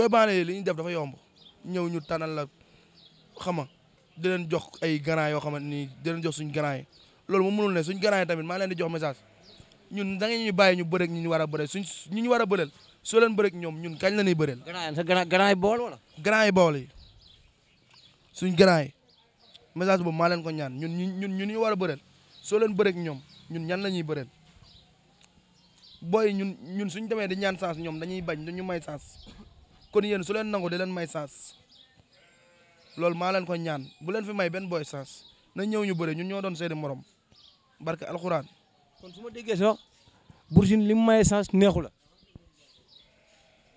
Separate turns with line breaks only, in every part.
booy baana yi li ñuy def dafa yomb ñëw ñu tànnal la xama di leen jox ay ganaay yoo xamante ni di jox suñ ganaay loolu mu mënul ne suñ garaay tamit maa leen di jox message ñun da ngeen ñu bàyyi ñu bëreeg ñu ñu war a bëreel suñ ñu ñu war a bëreel soo leen bëreeg ñoom ñun kañ la ñuy bëreel. ganaay sa ganaay bool wala. ganaay bool yi suñ ganaay message boobu maa leen ko ñaan ñun ñun ñun ñu war a bëreel soo leen bëreeg ñoom ñun ñan la ñuy bëreel booy ñun ñun suñ demee di ñaan chance ñoom dañuy bañ duñu may chance kon yéen su leen nangu di leen may sens loolu maa leen ko ñaan bu leen fi may benn booy sens na ñëw ñu bëre ñun ñoo doon seeni morom barke alxuraan. kon su ma déggee sax Bour Sine li mu may neexu la.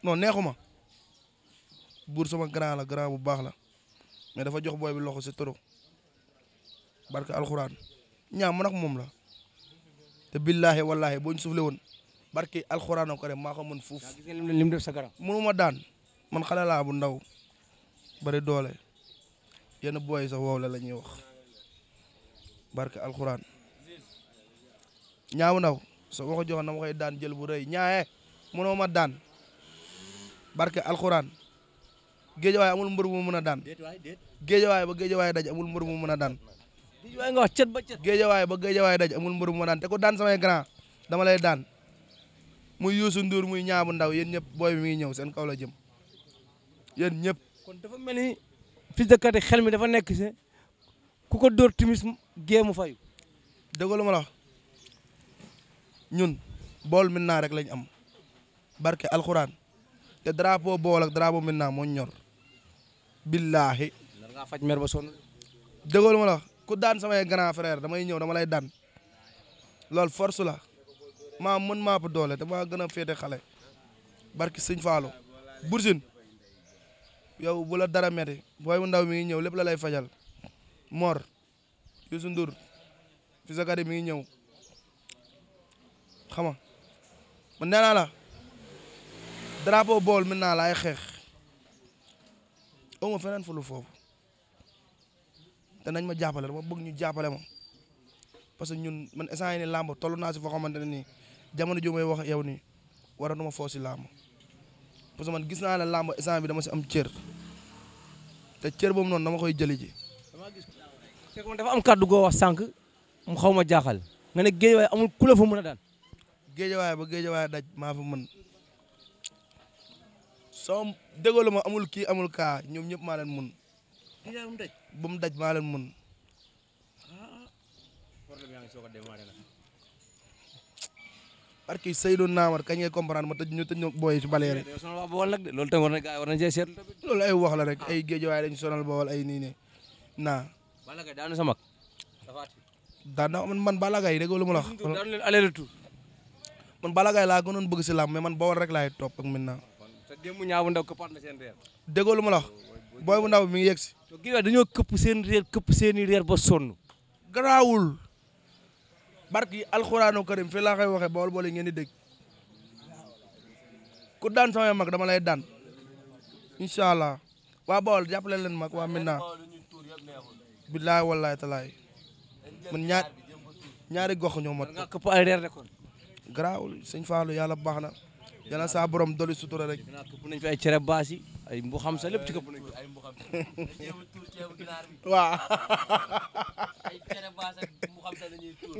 non neexu ma Bour sama grand la bu baax la mais dafa jox booy bi loxo si toro barke alxuraan ñaam man ak moom la te billaahi wallaahi boo ñu suufle woon barke alxuraan ko maa ko mën fuuf. lim def sa garam mënuma daan. man xale laa bu ndaw bari doole yenn booy sax wow la ñuy wax barke alxuraan ñaaw ndaw so ma ko joxoon dama daan jël bu rëy ñaaye mënoo ma daan barke alxuraan géejawaay amul mbër mu mën a daan géejawaay ba géejawaay daj amul mbër mu mën a daan géejawaay nga wax cët ba cët géejawaay ba géejawaay daj amul mbër mu a daan te ko daan samay grand dama lay daan muy Youssou Ndour muy ñaabu ndaw yéen ñëpp booy bi mi ñëw seen kaw la jëm yéen ñëpp. kon dafa mel ni Fils de Katy xel mi dafa nekk si ku ko dóor timis gée mu fayu. dëgg lu ma la ñun bool min rek lañ am barke alxuraan te drapeau bool ak drapeau min moo ñor. billaahi. nar ngaa faj mer lu ma la ku daan samay grand frère damay ñëw dama lay daan loolu force la maa mën maa ëpp doole te maa gën a féete xale barke sëñ Fallou Bourgine. yow bu la dara metti booy bu ndaw mi ngi ñëw lépp la lay fajal Mor Youssou Ndour Fils de mi ngi ñëw xam ma man naa la drapeau bool mën naa la ay xeex awma feneen fu foofu te nañ ma jàppale dama bëgg ñu jàppale ma parce que ñun man instant yii nii làmb toll naa si foo xamante ne nii jamono ju may wax yow nii waratuma foo si làmb parce que man gis naa la làmb instant bi dama si am cër. te cër boobu noonu dama koy jëli ji. Cheikh dafa am kàddu goo wax sànq mu xaw ma jaaxal nga ne géejawaay amul ku la fa mën a daan. géejawaay ba waaye daj maa fa mën soo déggoo ma amul kii amul kaa ñoom ñëpp maa leen mën. bu mu daj maa leen mën. problème yaa ah, ngi soog a ah. barki Seydou Naamar kañ ngay comprendre ma tëj ñu tëj ñu booy ci baleer yi. loolu tamit war na gaa loolu ay wax la rek ay géej waaye dañ sonal bool ay nii ne naa. Balla Gaye daanu sa mag. daan man bala Balla Gaye rek wala mu la wax. daan laa gënoon bëgg si làmb mais man bool rek laay topp ak maintenant. ñaaw bu ndaw këppaat na seen lu ma la booy bu ndaw mi ngi yegg si. dañoo këpp seen réer këpp seen i réer barki alxuraanu karim fii laa koy waxee bool bool yi ngeen di dégg ku daan samay mag dama lay daan incha waa bool jàppale leen mag waa Minna billaay wallaay talaay man ñaari gox ñoo mat garaawul sëñ Fallou yàlla baax na yàlla saa borom doli sutura rek. këpp nañ fi ay cere baas yi ay mbuxam sa lépp ci këpp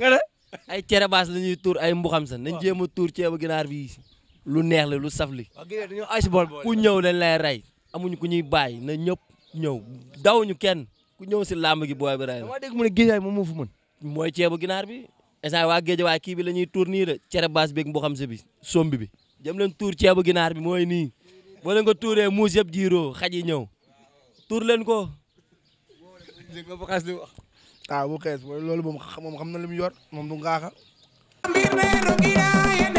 nañ ay ay cerebaas la ñuy tuur ay mbuxam sa nañ jéem a tuur ceebu ginaar bi lu neex la lu saf li ku ñëw dañ lay rey amuñ ku ñuy bàyyi na ñëpp ñëw dawuñu kenn ku ñëw si làmb gi booy bi rey la. dégg mu ne géejaay moom moo fu mën. mooy ceebu ginaar bi instant waa géejawaay kii bi la ñuy tuur nii de cerebaas beeg mbuxam sa bi sombi bi jëm leen tuur ceebu ginaar bi mooy nii boo leen ko tuuree muus yëpp jiiroo xaj yi ñëw tuur ko. waaw ah, bu xees loolu moom moom xam na lu mu yor moom du ngaaxa